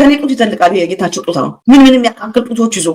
ከኔ ጡት ይጠልቃል። የጌታቸው ጡት ነው። ምን ምን የሚያካክል ጡቶች ይዞ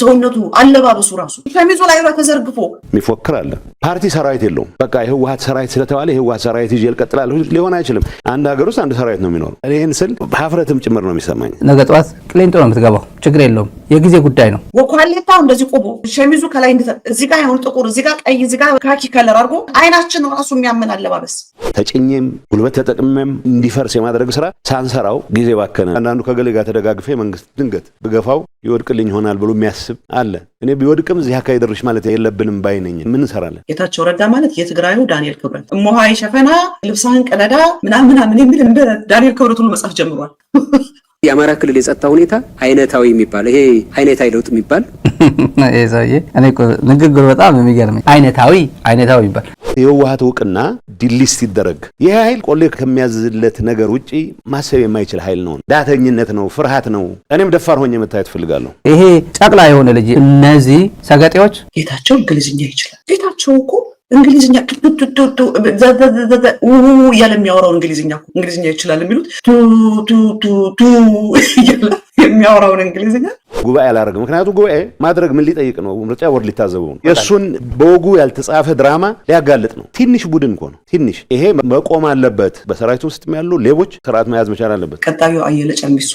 ሰውነቱ አለባበሱ ራሱ ከሚዞ ላይ ተዘርግፎ የሚፎክር አለ። ፓርቲ ሰራዊት የለውም። በቃ የህወሀት ሰራዊት ስለተባለ የህወሀት ሰራዊት ይዤ ልቀጥላለሁ ሊሆን አይችልም። አንድ ሀገር ውስጥ አንድ ሰራዊት ነው የሚኖረው። ይህን ስል ሀፍረትም ጭምር ነው የሚሰማኝ። ነገ ጠዋት ቅሌንጦ ነው የምትገባው። ችግር የለውም። የጊዜ ጉዳይ ነው። ወኳሌታ እንደዚህ ቆቦ ሸሚዙ ከላይ እዚህ ሁን ጥቁር፣ እዚህ ቀይ፣ እዚህ ካኪ ከለር አድርጎ አይናችን ራሱ የሚያምን አለባበስ ተጭኜም ጉልበት ተጠቅሜም እንዲፈርስ የማድረግ ስራ ሳንሰራው ጊዜ ባከነ አንዳንዱ ከገሌ ከእኔ ጋር ተደጋግፌ መንግስት ድንገት ብገፋው ይወድቅልኝ ይሆናል ብሎ የሚያስብ አለ። እኔ ቢወድቅም እዚህ አካባቢ ደርሽ ማለት የለብንም ባይነኝ ምን እንሰራለን? ጌታቸው ረዳ ማለት የትግራዩ ዳንኤል ክብረት እሞሃይ ሸፈና ልብሳን ቀለዳ ምናምን ምናምን የሚል እንደ ዳንኤል ክብረት ሁሉ መጽሐፍ ጀምሯል። የአማራ ክልል የጸጥታ ሁኔታ አይነታዊ የሚባል ይሄ አይነታዊ ለውጥ የሚባል ይሄ ሰውዬ እኔ ንግግሩ በጣም የሚገርመኝ አይነታዊ አይነታዊ የሚባል የውሃት እውቅና ዲሊስ ሲደረግ ይህ ኃይል ቆሌ ከሚያዝለት ነገር ውጭ ማሰብ የማይችል ኃይል ነው። ዳተኝነት ነው፣ ፍርሃት ነው። እኔም ደፋር ሆኜ መታየት እፈልጋለሁ። ይሄ ጨቅላ የሆነ ልጅ እነዚህ ሰገጤዎች ጌታቸው እንግሊዝኛ ይችላል። ጌታቸው እኮ እንግሊዝኛ እያለ የሚያወራው እንግሊዝኛ እንግሊዝኛ ይችላል የሚሉት የሚያወራውን እንግሊዝኛ ጉባኤ አላደረግም። ምክንያቱም ጉባኤ ማድረግ ምን ሊጠይቅ ነው? ምርጫ ቦርድ ሊታዘበው ነው። የእሱን በወጉ ያልተጻፈ ድራማ ሊያጋልጥ ነው። ትንሽ ቡድን እኮ ነው ትንሽ። ይሄ መቆም አለበት። በሰራዊቱ ውስጥ ያሉ ሌቦች ስርዓት መያዝ መቻል አለበት። ቀጣዩ አየለ ጨሚሶ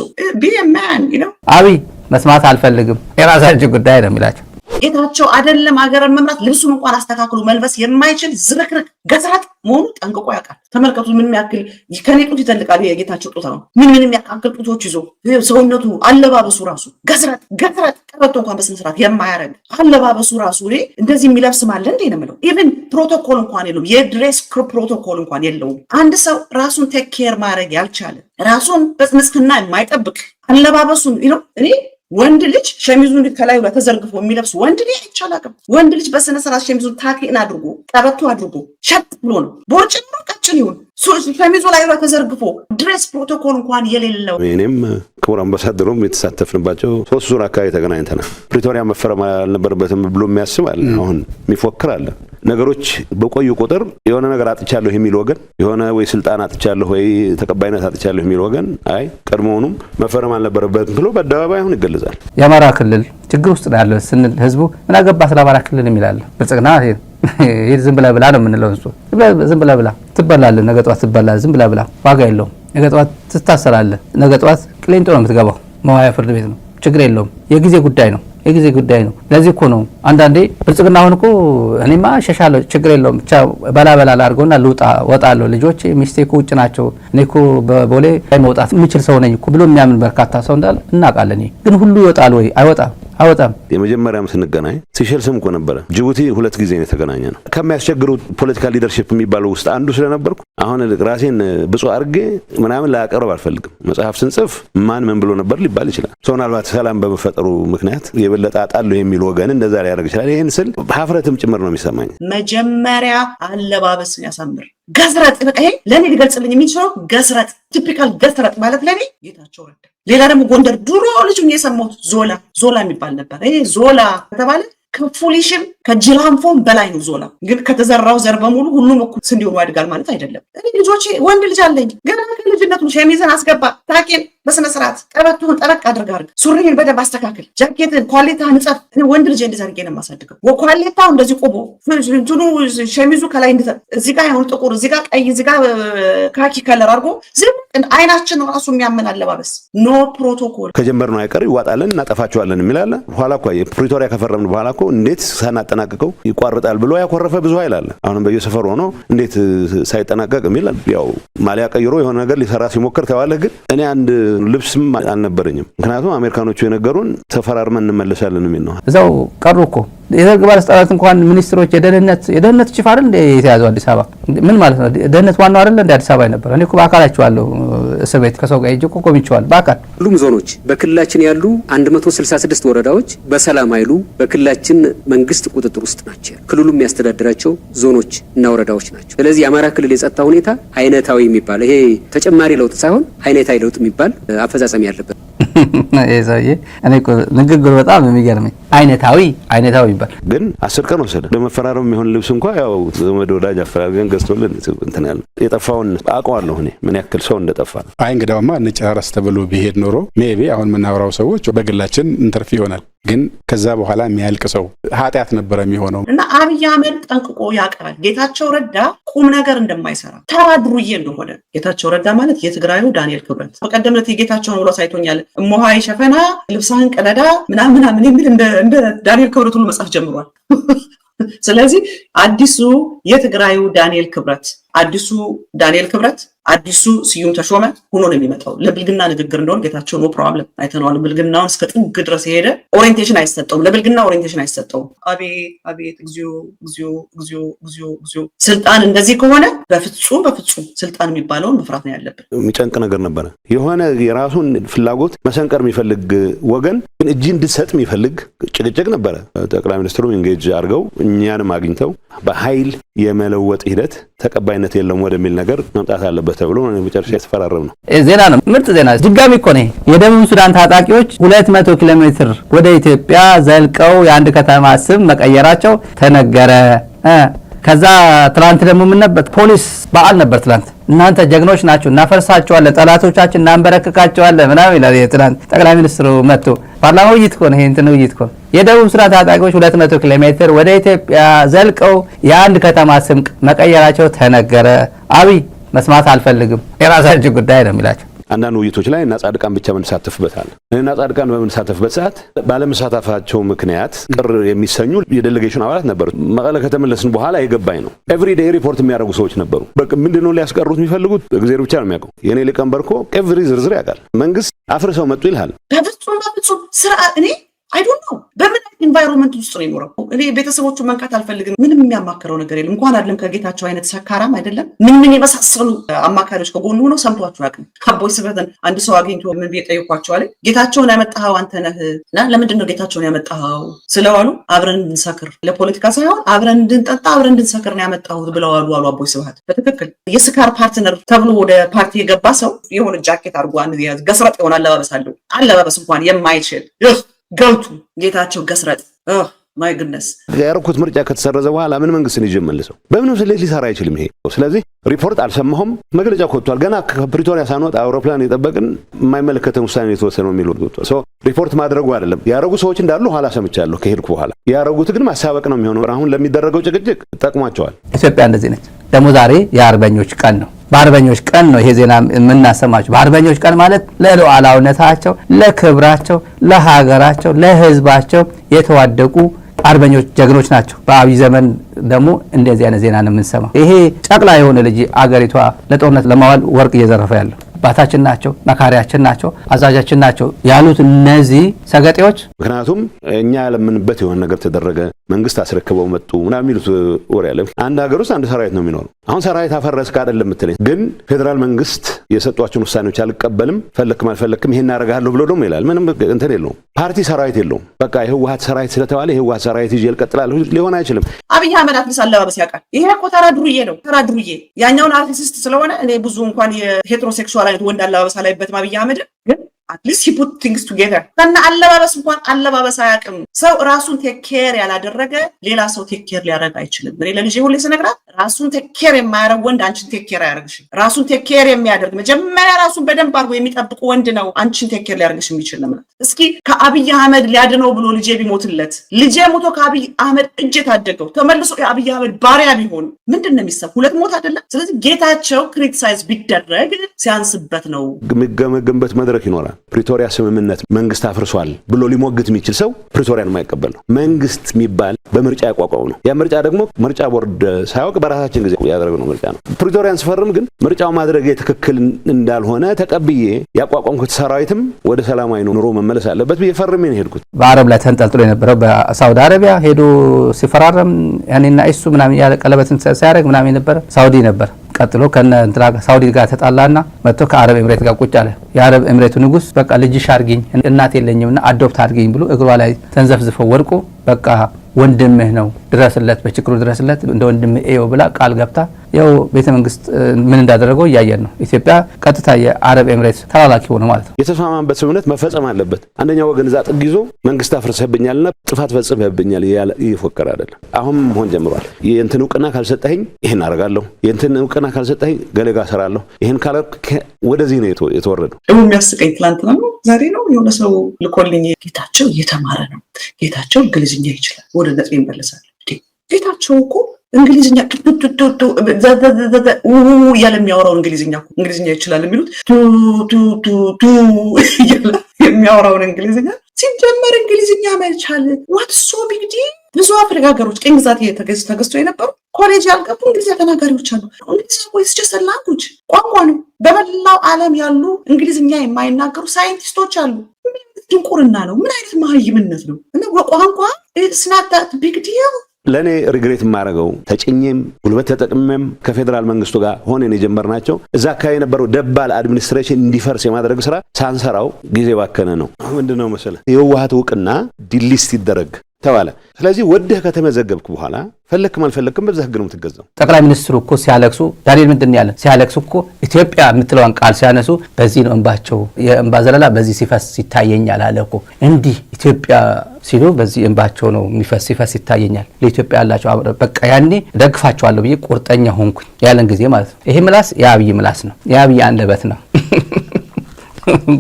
አብይ መስማት አልፈልግም፣ የራሳችን ጉዳይ ነው የሚላቸው ጌታቸው አይደለም ሀገርን መምራት ልብሱን እንኳን አስተካክሎ መልበስ የማይችል ዝርክርክ ገዛት መሆኑ ጠንቅቆ ያውቃል። ተመልከቱ፣ ምን ያክል ከኔ ጡት ይተልቃል የጌታቸው ጡት ነው። ምን ምን የሚያካክል ጡቶች ይዞ ሰውነቱ፣ አለባበሱ ራሱ ገዝረት ገዝረት ቀበቶ እንኳን በስነ የማያረግ አለባበሱ ራሱ እንደዚህ የሚለብስ ማለ እንዴ ነው የምለው። ፕሮቶኮል እንኳን የለውም፣ የድሬስ ፕሮቶኮል እንኳን የለውም። አንድ ሰው ራሱን ቴክ ኬር ማድረግ ያልቻለ ራሱን በጽንስክና የማይጠብቅ አለባበሱን እኔ ወንድ ልጅ ሸሚዙን ከላይ ላይ ተዘርግፎ የሚለብሱ ወንድ ልጅ አይቻላቅም። ወንድ ልጅ በስነ ስርዓት ሸሚዙን ታክን አድርጎ ቀበቶ አድርጎ ሸጥ ብሎ ነው። ቦርጭም ቀጭን ይሁን ሸሚዙ ላይ ተዘርግፎ ድሬስ ፕሮቶኮል እንኳን የሌለው እኔም ክቡር አምባሳደሩም የተሳተፍንባቸው ሶስት ዙር አካባቢ ተገናኝተናል። ፕሪቶሪያ መፈረም አልነበረበትም ብሎ የሚያስብ አለ። አሁን የሚፎክር አለ። ነገሮች በቆዩ ቁጥር የሆነ ነገር አጥቻለሁ የሚል ወገን የሆነ ወይ ስልጣን አጥቻለሁ ወይ ተቀባይነት አጥቻለሁ የሚል ወገን አይ ቀድሞውኑም መፈረም አልነበረበትም ብሎ በአደባባይ አሁን ይገለ ይገልጻል። የአማራ ክልል ችግር ውስጥ ነው ያለው ስንል ህዝቡ ምን አገባ ስለ አማራ ክልል የሚላለ ብልጽግና ይሄ ዝም ብላ ብላ ነው የምንለው። እሱ ዝም ብላ ብላ ትበላለህ፣ ነገ ጠዋት ትበላለህ። ዝም ብላ ብላ ዋጋ የለውም። ነገ ጠዋት ትታሰራለህ። ነገ ጠዋት ቅሊንጦ ነው የምትገባው፣ መዋያ ፍርድ ቤት ነው። ችግር የለውም። የጊዜ ጉዳይ ነው፣ የጊዜ ጉዳይ ነው። ለዚህ እኮ ነው አንዳንዴ ብልጽግና አሁን እኮ እኔማ ሸሻለሁ፣ ችግር የለውም ብቻ በላበላ ላድርገውና ልውጣ፣ ወጣለሁ፣ ልጆች ሚስቴ እኮ ውጭ ናቸው፣ እኔ እኮ በቦሌ ላይ መውጣት የምችል ሰው ነኝ ብሎ የሚያምን በርካታ ሰው እንዳለ እናውቃለን። ግን ሁሉ ይወጣል ወይ? አይወጣም። አወጣም የመጀመሪያም ስንገናኝ ሲሸልስም እኮ ነበረ። ጅቡቲ ሁለት ጊዜ ነው የተገናኘ ነው። ከሚያስቸግሩ ፖለቲካል ሊደርሽፕ የሚባለው ውስጥ አንዱ ስለነበርኩ አሁን ራሴን ብፁ አድርጌ ምናምን ላቀርብ አልፈልግም። መጽሐፍ ስንጽፍ ማን ምን ብሎ ነበር ሊባል ይችላል። ሰው ምናልባት ሰላም በመፈጠሩ ምክንያት የበለጠ አጣለሁ የሚል ወገን እንደዛ ሊያደርግ ይችላል። ይህን ስል ሀፍረትም ጭምር ነው የሚሰማኝ። መጀመሪያ አለባበስ ያሳምር። ገዝረጥ በቃ ይሄ ለእኔ ሊገልጽልኝ የሚችለው ገዝረጥ ቲፒካል ገዝረጥ ማለት ለእኔ ጌታቸው ረዳ ሌላ ደግሞ ጎንደር ድሮ ልጁ የሰማሁት ዞላ ዞላ የሚባል ነበር። ይሄ ዞላ ከተባለ ከፉሊሽም ከጅላንፎም በላይ ነው። ዞላ ግን ከተዘራው ዘር በሙሉ ሁሉም እኩል ስንዴ ሆኖ ያድጋል ማለት አይደለም። እኔ ልጆች ወንድ ልጅ አለኝ። ገና ከልጅነቱ ሸሚዝን አስገባ፣ ታቄን በስነስርዓት ቀበቶህን ጠበቅ አድርግ አድርግ፣ ሱሪን በደንብ አስተካክል፣ ጃኬትን ኳሌታ ንጸፍ። ወንድ ልጅ እንደዛ አድርጌ ነው የማሳድገው። ኳሌታው እንደዚህ ቁቦ እንትኑ ሸሚዙ ከላይ እዚጋ ጋር ጥቁር፣ እዚጋ ቀይ፣ እዚጋ ካኪ ከለር አድርጎ ዝም አይናችን ራሱ የሚያምን አለባበስ ኖ ፕሮቶኮል ከጀመርነው አይቀር ይዋጣለን እናጠፋቸዋለን የሚላለ በኋላ እኮ ፕሪቶሪያ ከፈረምን በኋላ እኮ እንዴት ሳናጠናቀቀው ይቋርጣል ብሎ ያኮረፈ ብዙ ኃይል አለ። አሁንም በየሰፈሩ ሆኖ እንዴት ሳይጠናቀቅ የሚል ያው ማሊያ ቀይሮ የሆነ ነገር ሊሰራ ሲሞክር ተባለ። ግን እኔ አንድ ልብስም አልነበረኝም፣ ምክንያቱም አሜሪካኖቹ የነገሩን ተፈራርመን እንመለሳለን የሚል ነው። እዛው ቀሩ እኮ የደርግ ባለስልጣናት እንኳን ሚኒስትሮች የደህንነት የደህንነት ቺፍ አይደል እንደ የተያዘው አዲስ አበባ ምን ማለት ነው? ደህንነት ዋናው አይደል እንደ አዲስ አበባ የነበረ እኔ እኮ በአካል እስር ቤት ከሰው ጋር ሄጄ እኮ ቆምቼዋለሁ በአካል። ሁሉም ዞኖች በክልላችን ያሉ 166 ወረዳዎች በሰላም ኃይሉ በክልላችን መንግስት ቁጥጥር ውስጥ ናቸው። ክልሉ የሚያስተዳድራቸው ዞኖች እና ወረዳዎች ናቸው። ስለዚህ የአማራ ክልል የጸጥታ ሁኔታ አይነታዊ የሚባል ይሄ ተጨማሪ ለውጥ ሳይሆን አይነታዊ ለውጥ የሚባል አፈጻጸም ያለበት ይሄ ሰውዬ እኔ ንግግሩ በጣም የሚገርመኝ አይነታዊ አይነታዊ የሚባል ግን አስር ቀን ወሰደ ለመፈራረም የሚሆን ልብስ እንኳ ያው ዘመድ ወዳጅ አፈራቢያን ገዝቶልን እንትን ያለ የጠፋውን አውቀዋለሁ እኔ ምን ያክል ሰው እንደጠፋ። አይ እንግዳውማ እንጨራረስ ተብሎ ቢሄድ ኖሮ ሜቢ አሁን የምናወራው ሰዎች በግላችን ኢንተርቪው ይሆናል። ግን ከዛ በኋላ የሚያልቅ ሰው ኃጢአት ነበረ የሚሆነው እና አብይ አህመድ ጠንቅቆ ያቀራል። ጌታቸው ረዳ ቁም ነገር እንደማይሰራ ተራ እንደሆነ ጌታቸው ረዳ ማለት የትግራዩ ዳንኤል ክብረት በቀደም ዕለት የጌታቸውን ብሎ ሳይቶኛል። ሞሃይ ሸፈና ልብሳህን ቀለዳ ምናምን ምናምን የሚል እንደ ዳንኤል ክብረት ሁሉ መጽሐፍ ጀምሯል። ስለዚህ አዲሱ የትግራዩ ዳንኤል ክብረት አዲሱ ዳንኤል ክብረት አዲሱ ስዩም ተሾመ ሆኖ ነው የሚመጣው። ለብልግና ንግግር እንደሆን ጌታቸው ኖ ፕሮብለም አይተነዋል። ብልግናውን እስከ ጥግ ድረስ የሄደ ኦሪንቴሽን አይሰጠውም፣ ለብልግና ኦሪንቴሽን አይሰጠውም። አቤት አቤት፣ እግዚኦ እግዚኦ እግዚኦ እግዚኦ እግዚኦ። ስልጣን እንደዚህ ከሆነ በፍጹም በፍጹም ስልጣን የሚባለውን መፍራት ነው ያለብን። የሚጨንቅ ነገር ነበረ። የሆነ የራሱን ፍላጎት መሰንቀር የሚፈልግ ወገን ግን እጅ እንድትሰጥ የሚፈልግ ጭቅጭቅ ነበረ። ጠቅላይ ሚኒስትሩ ኢንጌጅ አድርገው እኛንም አግኝተው በኃይል የመለወጥ ሂደት ተቀባይነት የለውም ወደሚል ነገር መምጣት አለበት። አለበት ተብሎ መጨረሻ የተፈራረም ነው። ዜና ነው፣ ምርጥ ዜና። ድጋሚ እኮ ነው የደቡብ ሱዳን ታጣቂዎች 200 ኪሎ ሜትር ወደ ኢትዮጵያ ዘልቀው የአንድ ከተማ ስም መቀየራቸው ተነገረ። ከዛ ትላንት ደግሞ የምንበት ፖሊስ በዓል ነበር ትላንት። እናንተ ጀግኖች ናችሁ፣ እናፈርሳቸዋለን፣ ጠላቶቻችን እናንበረክካቸዋለን ምናምን ይላል ትላንት ጠቅላይ ሚኒስትሩ መጥቶ። ፓርላማ ውይይት ነው ይሄ እንትን ውይይት ኮን የደቡብ ሱዳን ታጣቂዎች 200 ኪሎ ሜትር ወደ ኢትዮጵያ ዘልቀው የአንድ ከተማ ስም መቀየራቸው ተነገረ። አብይ መስማት አልፈልግም፣ የራሳችሁ ጉዳይ ነው የሚላቸው። አንዳንድ ውይይቶች ላይ እና ጻድቃን ብቻ የምንሳተፍበታል። እና ጻድቃን በምንሳተፍበት ሰዓት ባለመሳተፋቸው ምክንያት ቅር የሚሰኙ የዴሌጌሽን አባላት ነበሩ። መቀለ ከተመለስን በኋላ የገባኝ ነው። ኤቭሪዴይ ሪፖርት የሚያደርጉ ሰዎች ነበሩ። በቃ ምንድነው ሊያስቀሩት የሚፈልጉት? እግዜር ብቻ ነው የሚያውቀው። የእኔ ሊቀመንበር እኮ ኤቭሪ ዝርዝር ያውቃል። መንግስት አፍርሰው መጡ ይልሃል። በፍጹም በፍጹም ስራ እኔ አይዶን ነው። በምን ኢንቫይሮንመንት ውስጥ ነው የኖረው? እኔ ቤተሰቦቹን መንካት አልፈልግም። ምንም የሚያማክረው ነገር የለም። እንኳን አይደለም ከጌታቸው አይነት ሰካራም አይደለም። ምን ምን የመሳሰሉ አማካሪዎች ከጎኑ ሆነው ሰምቷቸው ያቅም አቦይ ስበትን አንድ ሰው አግኝቶ ምን ብዬ ጠየኳቸዋለ። ጌታቸውን ያመጣኸው አንተ ነህ እና ለምንድን ነው ጌታቸውን ያመጣኸው ስለዋሉ አብረን እንድንሰክር ለፖለቲካ ሳይሆን አብረን እንድንጠጣ አብረን እንድንሰክር ነው ያመጣሁት ብለዋሉ አሉ አቦይ ስብሃት። በትክክል የስካር ፓርትነር ተብሎ ወደ ፓርቲ የገባ ሰው የሆነ ጃኬት አድርጎ ገስረጥ የሆነ አለባበስ አለው። አለባበስ እንኳን የማይችል ገብቱ ጌታቸው ገስረጥ ግነስ ያረኩት ምርጫ ከተሰረዘ በኋላ ምን መንግስትን ይዤ መልሰው በምንም ስሌት ሊሰራ አይችልም ይሄ። ስለዚህ ሪፖርት አልሰማሁም። መግለጫ ኮጥቷል። ገና ከፕሪቶሪያ ሳንወጣ አውሮፕላን የጠበቅን የማይመለከተን ውሳኔ የተወሰነው የሚሉ ሪፖርት ማድረጉ አይደለም ያረጉ ሰዎች እንዳሉ ኋላ ሰምቻለሁ ከሄድኩ በኋላ። ያረጉት ግን ማሳበቅ ነው የሚሆነው። አሁን ለሚደረገው ጭቅጭቅ ጠቅሟቸዋል። ኢትዮጵያ እንደዚህ ነች። ደግሞ ዛሬ የአርበኞች ቀን ነው። በአርበኞች ቀን ነው ይሄ ዜና የምናሰማቸው። በአርበኞች ቀን ማለት ለሉዓላውነታቸው፣ ለክብራቸው፣ ለሀገራቸው፣ ለህዝባቸው የተዋደቁ አርበኞች ጀግኖች ናቸው። በአብይ ዘመን ደግሞ እንደዚህ አይነት ዜና ነው የምንሰማው። ይሄ ጨቅላ የሆነ ልጅ አገሪቷ ለጦርነት ለማዋል ወርቅ እየዘረፈ ያለው አባታችን ናቸው፣ መካሪያችን ናቸው፣ አዛዣችን ናቸው ያሉት እነዚህ ሰገጤዎች፣ ምክንያቱም እኛ ያለምንበት የሆነ ነገር ተደረገ፣ መንግስት አስረክበው መጡ ምናምን የሚሉት ወሬ ያለ። አንድ ሀገር ውስጥ አንድ ሰራዊት ነው የሚኖረው። አሁን ሰራዊት አፈረስክ አይደለም የምትለኝ፣ ግን ፌዴራል መንግስት የሰጧቸውን ውሳኔዎች አልቀበልም፣ ፈለክም አልፈለክም ይሄን አደርግሃለሁ ብሎ ደግሞ ይላል። ምንም እንትን የለውም፣ ፓርቲ ሰራዊት የለውም። በቃ የህወሀት ሰራዊት ስለተባለ የህወሀት ሰራዊት ይዤ ልቀጥላለሁ ሊሆን አይችልም። አብይ አህመድ አትሊስት አለባበስ ያውቃል። ይሄ እኮ ተራ ድሩዬ ነው፣ ተራ ድሩዬ ያኛውን አርቲስት ስለሆነ እኔ ብዙ እንኳን የሄትሮሴክሹዋል አይነት ወንድ አለባበስ አላይበት አብይ አህመድ ግን አትሊስት ሂፑት ቲንግስ ቱጌዘር ከና አለባበስ እንኳን አለባበስ አያውቅም። ሰው ራሱን ቴክ ኬር ያላደረገ ሌላ ሰው ቴክ ኬር ሊያደርግ አይችልም። እኔ ለልጄ ሁሌ ስነግራት ራሱን ቴኬር የማያደርግ ወንድ አንቺን ቴኬር አያደርግሽ። ራሱን ቴኬር የሚያደርግ መጀመሪያ ራሱን በደንብ አድርጎ የሚጠብቅ ወንድ ነው አንቺን ቴኬር ሊያደርግሽ የሚችል ለምላት። እስኪ ከአብይ አህመድ ሊያድነው ብሎ ልጄ ቢሞትለት ልጄ ሞቶ ከአብይ አህመድ እጅ የታደገው ተመልሶ የአብይ አህመድ ባሪያ ቢሆን ምንድን ነው የሚሰብ? ሁለት ሞት አይደለም። ስለዚህ ጌታቸው ክሪቲሳይዝ ቢደረግ ሲያንስበት ነው። የሚገመገምበት መድረክ ይኖራል። ፕሪቶሪያ ስምምነት መንግስት አፍርሷል ብሎ ሊሞግት የሚችል ሰው ፕሪቶሪያን የማይቀበል ነው። መንግስት የሚባል በምርጫ ያቋቋሙ ነው። ያ ምርጫ ደግሞ ምርጫ ቦርድ ሳያውቅ በራሳችን ጊዜ ያደረግነው ምርጫ ነው። ፕሪቶሪያን ስፈርም ግን ምርጫው ማድረግ ትክክል እንዳልሆነ ተቀብዬ ያቋቋምኩት ሰራዊትም ወደ ሰላማዊ ኑሮ መመለስ አለበት ብዬ ፈርሜ ነው ሄድኩት። በአረብ ላይ ተንጠልጥሎ የነበረው በሳውዲ አረቢያ ሄዶ ሲፈራረም ያኔና እሱ ምናምን ያለ ቀለበትን ሲያደርግ ምናምን የነበረ ሳውዲ ነበር። ቀጥሎ ከነ እንትና ሳውዲ ጋር ተጣላና መጥቶ ከአረብ ኤምሬት ጋር ቁጭ አለ። የአረብ ኤምሬቱ ንጉስ በቃ ልጅሽ አርጊኝ እናት የለኝም ና አዶፕት አርጊኝ ብሎ እግሯ ላይ ተንዘፍዝፈው ወድቆ በቃ ወንድምህ ነው ድረስለት፣ በችግሩ ድረስለት፣ እንደ ወንድምህ እየው ብላ ቃል ገብታ ያው ቤተ መንግስት ምን እንዳደረገው እያየን ነው። ኢትዮጵያ ቀጥታ የአረብ ኤምሬት ተላላኪ ሆነ ማለት ነው። የተስማማንበት ስምምነት መፈጸም አለበት። አንደኛው ወገን እዛ ጥግ ይዞ መንግስት አፍርሰህብኛልና ጥፋት ፈጽመህብኛል እየፎከረ አይደለም። አሁን መሆን ጀምሯል። የእንትን እውቅና ካልሰጠኝ ይህን አደርጋለሁ፣ የእንትን እውቅና ካልሰጠኝ ገለጋ ሰራለሁ፣ ይህን ካለ ወደዚህ ነው የተወረደው። ደግሞ የሚያስቀኝ ትላንት ነው ዛሬ ነው የሆነ ሰው ልኮልኝ ጌታቸው እየተማረ ነው ጌታቸው እንግሊዝ እንግሊዝኛ ይችላል። ወደ ነጥብ ይመለሳል። ጌታቸው እኮ እንግሊዝኛ እያለ የሚያወራው እንግሊዝኛ እንግሊዝኛ ይችላል የሚሉት የሚያወራውን እንግሊዝኛ ሲጀመር እንግሊዝኛ መቻል ዋት ሶ ቢግዲ ብዙ አፍሪካ ሀገሮች ቅኝ ግዛት ተገዝቶ የነበሩ ኮሌጅ ያልገቡ እንግሊዝኛ ተናጋሪዎች አሉ። እንግሊዝ ላንጉጅ ቋንቋ ነው። በመላው ዓለም ያሉ እንግሊዝኛ የማይናገሩ ሳይንቲስቶች አሉ። ድንቁርና ነው። ምን አይነት መሀይምነት ነው? እና በቋንቋ ለእኔ ሪግሬት የማደርገው ተጭኜም ጉልበት ተጠቅሜም ከፌዴራል መንግስቱ ጋር ሆነን የጀመርናቸው እዛ አካባቢ የነበረው ደባል አድሚኒስትሬሽን እንዲፈርስ የማድረግ ስራ ሳንሰራው ጊዜ ባከነ ነው። ምንድን ነው መሰለህ እውቅና ዲሊስት ይደረግ ተባለ። ስለዚህ ወደህ ከተመዘገብክ በኋላ ፈለክም አልፈለክም በዛ ህግ ነው የምትገዛው። ጠቅላይ ሚኒስትሩ እኮ ሲያለቅሱ ዳንኤል ምንድን ያለ ሲያለቅሱ እኮ ኢትዮጵያ የምትለዋን ቃል ሲያነሱ በዚህ ነው እንባቸው፣ የእንባ ዘለላ በዚህ ሲፈስ ይታየኛል አለ እኮ እንዲህ ኢትዮጵያ ሲሉ በዚህ እንባቸው ነው የሚፈስ ሲፈስ ይታየኛል። ለኢትዮጵያ ያላቸው በቃ ያኔ ደግፋቸዋለሁ ብዬ ቁርጠኛ ሆንኩኝ ያለን ጊዜ ማለት ነው። ይሄ ምላስ የአብይ ምላስ ነው፣ የአብይ አንደበት ነው።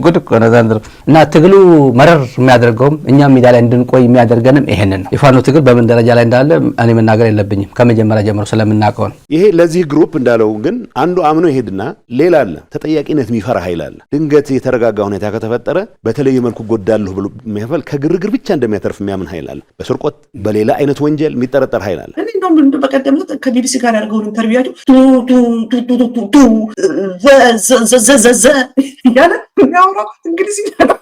ጉድ እኮ ነው ዘንድሮ። እና ትግሉ መረር የሚያደርገውም እኛ ሜዳ ላይ እንድንቆይ የሚያደርገንም ይሄንን ነው። የፋኖ ትግል በምን ደረጃ ላይ እንዳለ እኔ መናገር የለብኝም ከመጀመሪያ ጀምሮ ስለምናውቀው ነው። ይሄ ለዚህ ግሩፕ እንዳለው ግን አንዱ አምኖ ይሄድና ሌላ አለ ተጠያቂነት የሚፈራ ኃይል አለ። ድንገት የተረጋጋ ሁኔታ ከተፈጠረ በተለየ መልኩ ጎዳለሁ ብሎ የሚያፈል ከግርግር ብቻ እንደሚያተርፍ የሚያምን ኃይል አለ። በስርቆት በሌላ አይነት ወንጀል የሚጠረጠር ኃይል አለ። በቀደም ከቢቢሲ ጋር ያደርገውን ዘዘዘዘ እያለ የሚያወራው እንግሊዝኛ ነው።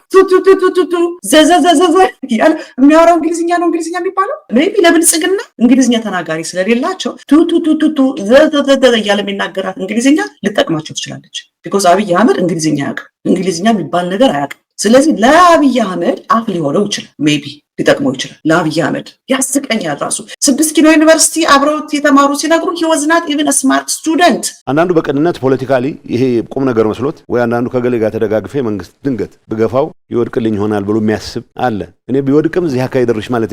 ዘዘዘዘዘ እያለ የሚያወራው እንግሊዝኛ ነው። እንግሊዝኛ የሚባለው ሜቢ ለብልጽግና እንግሊዝኛ ተናጋሪ ስለሌላቸው ቱቱቱቱቱ ዘዘዘዘ እያለ የሚናገራት እንግሊዝኛ ልጠቅማቸው ትችላለች። ቢኮዝ አብይ አህመድ እንግሊዝኛ አያውቅም። እንግሊዝኛ የሚባል ነገር አያውቅም። ስለዚህ ለአብይ አህመድ አፍ ሊሆነው ይችላል ሜቢ ሊጠቅመው ይችላል። ለአብይ አህመድ ያስቀኛል። ራሱ ስድስት ኪሎ ዩኒቨርሲቲ አብረውት የተማሩ ሲነግሩ ወዝናት ኢቨን ስማርት ስቱደንት። አንዳንዱ በቅንነት ፖለቲካሊ ይሄ ቁም ነገር መስሎት ወይ አንዳንዱ ከገሌ ጋር ተደጋግፌ መንግስት ድንገት ብገፋው ይወድቅልኝ ይሆናል ብሎ የሚያስብ አለ። እኔ ቢወድቅም እዚህ አካባቢ ደርሽ ማለት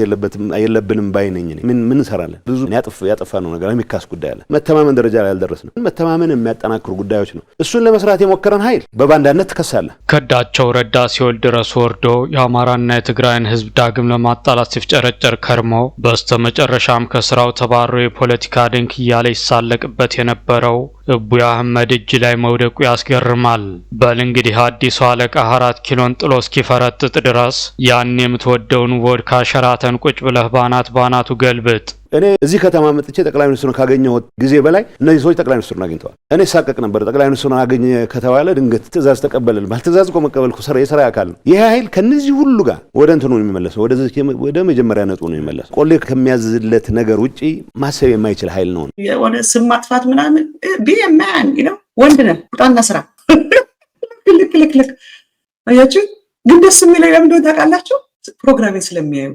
የለብንም ባይነኝ ምን እንሰራለን? ብዙ ያጠፋ ነው ነገር የሚካስ ጉዳይ አለ። መተማመን ደረጃ ላይ አልደረስንም። መተማመን የሚያጠናክሩ ጉዳዮች ነው። እሱን ለመስራት የሞከረን ኃይል በባንዳነት ትከሳለህ። ከዳቸው ረዳ ሲወልድ ረስ ወርዶ የአማራና የትግራይን ህዝብ ዳግም ለማጣላት ሲፍጨረጨር ከርሞ በስተመጨረሻም ከስራው ተባሮ የፖለቲካ ድንክ እያለ ይሳለቅበት የነበረው እቡይ አህመድ እጅ ላይ መውደቁ ያስገርማል። በል እንግዲህ አዲሱ አለቃ አራት ኪሎን ጥሎ እስኪፈረጥጥ ድረስ ያን የምትወደውን ቮድካ ሸራተን ቁጭ ብለህ ባናት ባናቱ ገልብጥ። እኔ እዚህ ከተማ መጥቼ ጠቅላይ ሚኒስትሩን ካገኘሁት ጊዜ በላይ እነዚህ ሰዎች ጠቅላይ ሚኒስትሩን አግኝተዋል። እኔ ሳቀቅ ነበር። ጠቅላይ ሚኒስትሩን አገኘ ከተባለ ድንገት ትእዛዝ ባል ትእዛዝ እኮ መቀበል የስራ አካል ነው። ይህ ኃይል ከነዚህ ሁሉ ጋር ወደ እንትኑ የሚመለሰው ወደ መጀመሪያ ነጡ ነው የሚመለሰው። ቆሌ ከሚያዝለት ነገር ውጭ ማሰብ የማይችል ኃይል ነው። የሆነ ስም ማጥፋት ምናምን ማን ወንድ ነህ፣ ውጣና ስራ። ልክ ልክ ልክ አያችሁ። ግን ደስ የሚለኝ ለምንድን ታውቃላችሁ? ፕሮግራሜን ስለሚያዩ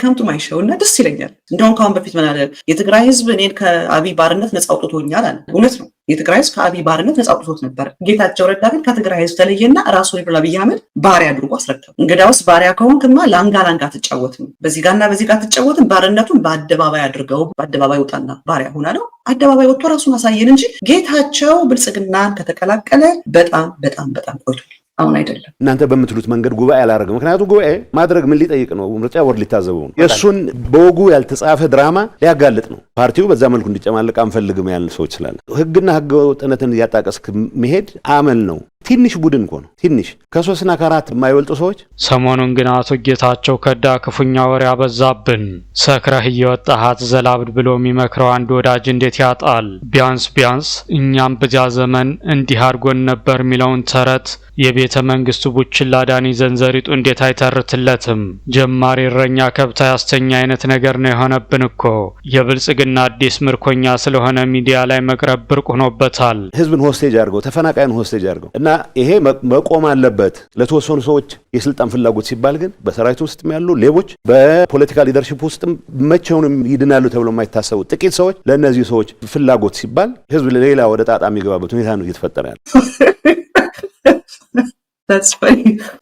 ካም ቱ ማይ ሾው እና ደስ ይለኛል። እንደውም ከአሁን በፊት ምን የትግራይ ህዝብ እኔን ከአብይ ባርነት ነፃ አውጥቶኛል አለ። እውነት ነው። የትግራይ ህዝብ ከአብይ ባርነት ነፃ አውጥቶት ነበር። ጌታቸው ረዳ ግን ከትግራይ ህዝብ ተለየና ራሱን አብይ አህመድ ባሪያ አድርጎ እንግዳ ውስጥ ባሪያ ከሆንክማ ላንጋ ላንጋ አትጫወትም፣ በዚህ ጋርና በዚህ ጋር አትጫወትም። ባርነቱን በአደባባይ አድርገው በአደባባይ ውጣና ባሪያ ሆና ነው አደባባይ ወጥቶ ራሱን አሳየን እንጂ ጌታቸው ብልጽግናን ከተቀላቀለ በጣም በጣም በጣም ቆይቷል። አሁን አይደለም። እናንተ በምትሉት መንገድ ጉባኤ አላደረገም። ምክንያቱም ጉባኤ ማድረግ ምን ሊጠይቅ ነው? ምርጫ ቦርድ ሊታዘቡ ነው። የእሱን በወጉ ያልተጻፈ ድራማ ሊያጋልጥ ነው። ፓርቲው በዛ መልኩ እንዲጨማለቅ አንፈልግም ያልን ሰዎች ስላለ ህግና ህገ ወጥነትን እያጣቀስክ መሄድ አመል ነው። ትንሽ ቡድን እኮ ነው ትንሽ ከሶስትና ከአራት የማይበልጡ ሰዎች። ሰሞኑን ግን አቶ ጌታቸው ከዳ ክፉኛ ወሬ ያበዛብን። ሰክረህ እየወጣሃት ዘላብድ ብሎ የሚመክረው አንድ ወዳጅ እንዴት ያጣል? ቢያንስ ቢያንስ እኛም በዚያ ዘመን እንዲህ አድርጎን ነበር የሚለውን ተረት የቤተ መንግስቱ ቡችላ ዳኒ ዘንዘሪጡ እንዴት አይተርትለትም? ጀማሪ እረኛ ከብታ ያስተኛ አይነት ነገር ነው የሆነብን እኮ። የብልጽግና አዲስ ምርኮኛ ስለሆነ ሚዲያ ላይ መቅረብ ብርቅ ሆኖበታል። ህዝብን ሆስቴጅ አድርገው ተፈናቃይን ሆስቴጅ አድርገው እና ይሄ መቆም አለበት። ለተወሰኑ ሰዎች የስልጣን ፍላጎት ሲባል ግን በሰራዊት ውስጥም ያሉ ሌቦች፣ በፖለቲካ ሊደርሽፕ ውስጥም መቼውንም ይድናሉ ተብሎ የማይታሰቡ ጥቂት ሰዎች ለእነዚህ ሰዎች ፍላጎት ሲባል ህዝብ ሌላ ወደ ጣጣ የሚገባበት ሁኔታ ነው እየተፈጠረ ያለ።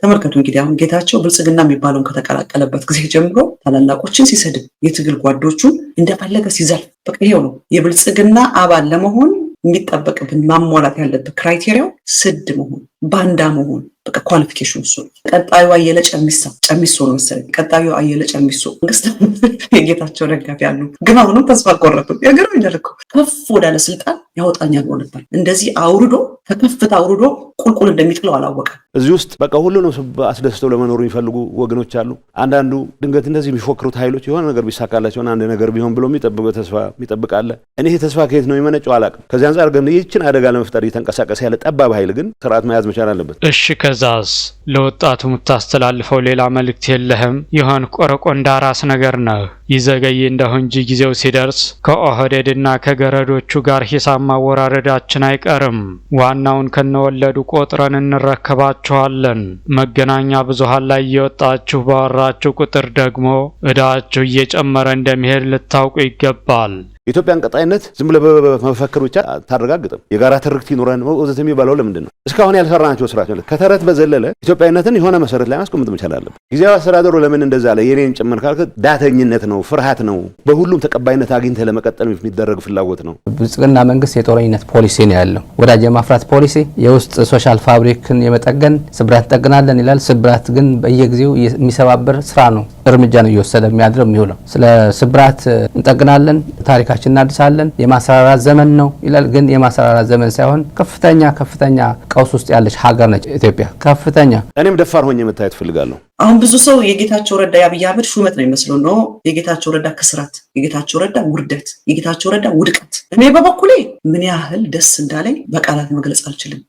ተመልከቱ እንግዲህ አሁን ጌታቸው ብልጽግና የሚባለውን ከተቀላቀለበት ጊዜ ጀምሮ ታላላቆችን ሲሰድብ የትግል ጓዶቹን እንደፈለገ ሲዘልፍ በቃ ይሄው ነው የብልጽግና አባል ለመሆን የሚጠበቅብን ማሟላት ያለብን ክራይቴሪያው ስድ መሆን ባንዳ መሆን በቃ ኳሊፊኬሽን እሱ ነው። ቀጣዩ አየለ ጨሚሳ ጨሚሶ ነው መሰለኝ። ቀጣዩ አየለ ጨሚሶ መንግስት የጌታቸው ደጋፊ ያሉ ግን አሁንም ተስፋ አልቆረጥም። የግር ያደርገው ከፍ ወዳለ ስልጣን ያወጣኛል ብሎ ነበር። እንደዚህ አውርዶ ከከፍታ አውርዶ ቁልቁል እንደሚጥለው አላወቀም። እዚህ ውስጥ በቃ ሁሉንም ሰው አስደስተው ለመኖሩ የሚፈልጉ ወገኖች አሉ። አንዳንዱ ድንገት እንደዚህ የሚፎክሩት ኃይሎች የሆነ ነገር ቢሳካላቸው አንድ ነገር ቢሆን ብሎ የሚጠብቀው ተስፋ የሚጠብቅ አለ። እኔ ይሄ ተስፋ ከየት ነው የሚመነጨው አላቅም። ከዚህ አንጻር ግን ይህችን አደጋ ለመፍጠር እየተንቀሳቀሰ ያለ ጠባብ ኃይል ግን ስርዓት መያዝ መቻል አለበት። እሺ፣ ከዛስ ለወጣቱ የምታስተላልፈው ሌላ መልእክት የለህም? ይሆን ቆረቆንዳ ራስ ነገር ነህ። ይዘገይ እንደሁ እንጂ ጊዜው ሲደርስ ከኦህዴድና ከገረዶቹ ጋር ሂሳብ ማወራረዳችን አይቀርም። ዋናውን ከነወለዱ ቆጥረን እንረከባቸው እንላችኋለን። መገናኛ ብዙሃን ላይ እየወጣችሁ ባወራችሁ ቁጥር ደግሞ እዳችሁ እየጨመረ እንደሚሄድ ልታውቁ ይገባል። የኢትዮጵያን ቀጣይነት ዝም ብለህ በመፈክር ብቻ አታረጋግጥም። የጋራ ትርክት ይኖረን ወዘተ የሚባለው ለምንድን ነው? እስካሁን ያልሰራናቸው ስራዎች ከተረት በዘለለ ኢትዮጵያዊነትን የሆነ መሰረት ላይ ማስቆምጥ መቻል አለብን። ጊዜያዊ አስተዳደሩ ለምን እንደዛ አለ የኔን ጭምር ካልክ ዳተኝነት ነው፣ ፍርሃት ነው። በሁሉም ተቀባይነት አግኝተህ ለመቀጠል የሚደረግ ፍላጎት ነው። ብልጽግና መንግስት የጦረኝነት ፖሊሲ ነው ያለው፣ ወዳጅ የማፍራት ፖሊሲ፣ የውስጥ ሶሻል ፋብሪክን የመጠገን ስብራት እንጠግናለን ይላል። ስብራት ግን በየጊዜው የሚሰባበር ስራ ነው። እርምጃ ነው እየወሰደ የሚያድረው የሚውለው። ስለ ስብራት እንጠግናለን፣ ታሪካችን እናድሳለን። የማስራራት ዘመን ነው ይላል። ግን የማስራራት ዘመን ሳይሆን ከፍተኛ ከፍተኛ ቀውስ ውስጥ ያለች ሀገር ነች ኢትዮጵያ። ከፍተኛ እኔም ደፋር ሆኜ መታየት ፈልጋለሁ። አሁን ብዙ ሰው የጌታቸው ረዳ የአብይ አህመድ ሹመት ነው የሚመስለው ነው። የጌታቸው ረዳ ክስራት፣ የጌታቸው ረዳ ውርደት፣ የጌታቸው ረዳ ውድቀት። እኔ በበኩሌ ምን ያህል ደስ እንዳለኝ በቃላት መግለጽ አልችልም።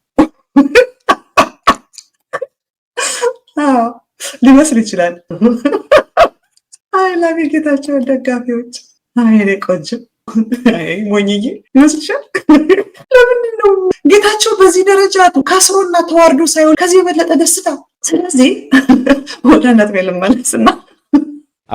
ሊመስል ይችላል አይ ላቭ ዩ ጌታቸውን ደጋፊዎች። አይ እኔ ቆንጆ ሞኝዬ ይመስልሻል? ለምንድን ነው ጌታቸው በዚህ ደረጃ ከስሮና ተዋርዶ ሳይሆን ከዚህ የበለጠ ደስታ? ስለዚህ ወደ ነጥብ ልመለስና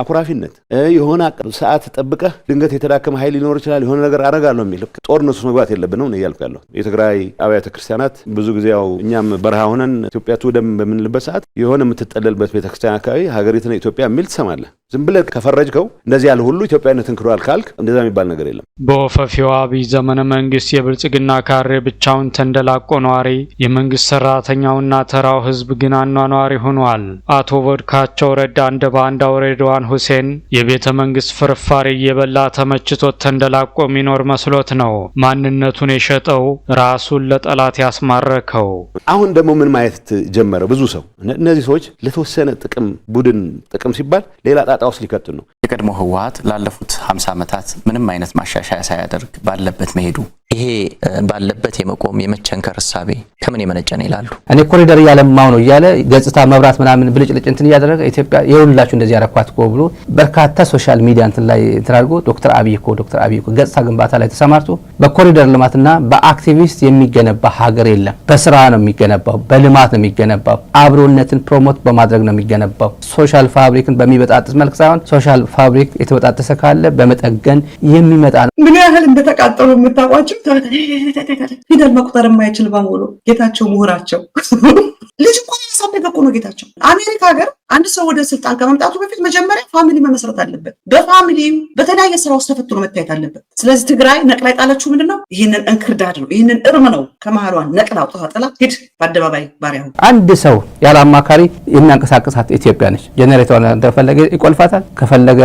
አኩራፊነት የሆነ ሰዓት ጠብቀህ ድንገት የተዳከመ ኃይል ሊኖር ይችላል። የሆነ ነገር አደርጋለሁ የሚል ጦርነቱ መግባት የለብን ነው እያልኩ ያለሁ። የትግራይ አብያተ ክርስቲያናት ብዙ ጊዜ ያው እኛም በረሃ ሆነን ኢትዮጵያ ትውደም በምንልበት ሰዓት የሆነ የምትጠለልበት ቤተክርስቲያን አካባቢ ሀገሪትነ ኢትዮጵያ የሚል ትሰማለህ። ዝም ብለህ ከፈረጅከው እንደዚህ ያለ ሁሉ ኢትዮጵያዊነትን ክዷል ካልክ እንደዛ የሚባል ነገር የለም። በወፈፊዋ አብይ ዘመነ መንግስት የብልጽግና ካሬ ብቻውን ተንደላቆ ነዋሪ፣ የመንግስት ሰራተኛውና ተራው ህዝብ ግን አኗኗሪ ሆኗል። አቶ ወድካቸው ረዳ እንደ ባንዳ ወረዳዋን ሁሴን የቤተ መንግስት ፍርፋሪ እየበላ ተመችቶት ተንደላቆ የሚኖር መስሎት ነው ማንነቱን የሸጠው ራሱን ለጠላት ያስማረከው። አሁን ደግሞ ምን ማየት ጀመረ ብዙ ሰው እነዚህ ሰዎች ለተወሰነ ጥቅም ቡድን ጥቅም ሲባል ሌላ ጣጣ ውስጥ ሊከቱን ነው። የቀድሞ ህወሀት ላለፉት 50 ዓመታት ምንም አይነት ማሻሻያ ሳያደርግ ባለበት መሄዱ ይሄ ባለበት የመቆም የመቸንከር እሳቤ ከምን የመነጨ ነው ይላሉ። እኔ ኮሪደር እያለማው ነው እያለ ገጽታ መብራት ምናምን ብልጭልጭ እንትን እያደረገ ኢትዮጵያ የሁላችሁ እንደዚህ ያረኳት እኮ ብሎ በርካታ ሶሻል ሚዲያ እንትን ላይ ትራርጎ ዶክተር አብይ እኮ ዶክተር አብይ እኮ ገጽታ ግንባታ ላይ ተሰማርቶ በኮሪደር ልማትና በአክቲቪስት የሚገነባ ሀገር የለም። በስራ ነው የሚገነባው፣ በልማት ነው የሚገነባው፣ አብሮነትን ፕሮሞት በማድረግ ነው የሚገነባው። ሶሻል ፋብሪክን በሚበጣጥስ መልክ ሳይሆን ሶሻል ፋብሪክ የተበጣጠሰ ካለ በመጠገን የሚመጣ ነው። ምን ያህል እንደተቃጠሉ የምታውቋቸው ፊደል መቁጠር የማይችል በሙሉ ጌታቸው ምሁራቸው ልጅ እንኳን ያሳደገ እኮ ነው ጌታቸው። አሜሪካ ሀገር አንድ ሰው ወደ ስልጣን ከመምጣቱ በፊት መጀመሪያ ፋሚሊ መመስረት አለበት። በፋሚሊ በተለያየ ስራ ውስጥ ተፈትኖ መታየት አለበት። ስለዚህ ትግራይ ነቅላ የጣለችው ምንድን ነው? ይህንን እንክርዳድ ነው፣ ይህንን እርም ነው። ከመሃሏን ነቅላ አውጥታ ጥላ ሂድ፣ በአደባባይ ባሪያ አንድ ሰው ያለ አማካሪ የሚያንቀሳቅሳት ኢትዮጵያ ነች። ጀኔሬተር እንደፈለገ ይቆልፋታል፣ ከፈለገ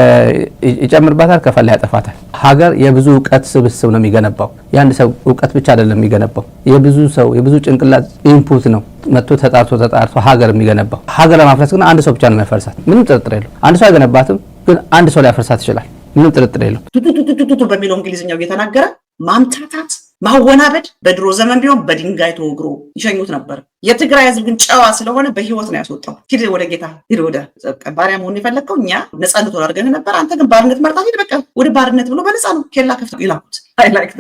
ይጨምርባታል፣ ከፈለገ ያጠፋታል። ሀገር የብዙ እውቀት ስብስብ ነው የሚገነባው። የአንድ ሰው እውቀት ብቻ አይደለም የሚገነባው፣ የብዙ ሰው የብዙ ጭንቅላት ኢንፑት ነው መጥቶ ተጣርቶ ተጣርቶ ሀገር የሚገነባው። ሀገር ለማፍረስ ግን አንድ ሰው ሰው ብቻ ነው የሚያፈርሳት፣ ምንም ጥርጥር የለው። አንድ ሰው አይገነባትም፣ ግን አንድ ሰው ሊያፈርሳት ይችላል፣ ምንም ጥርጥር የለው። ቱቱቱቱቱ በሚለው እንግሊዝኛው እየተናገረ ማምታታት፣ ማወናበድ በድሮ ዘመን ቢሆን በድንጋይ ተወግሮ ይሸኙት ነበር። የትግራይ ህዝብ ግን ጨዋ ስለሆነ በህይወት ነው ያስወጣው። ሂድ ወደ ጌታ፣ ሂድ ወደ ባሪያ መሆን የፈለግከው እኛ ነፃነት አድርገን ነበር፣ አንተ ግን ባርነት መርጣት፣ ሂድ በቃ ወደ ባርነት ብሎ በነፃ ነው ኬላ ከፍቶ ይላኩት። አይ ላይክ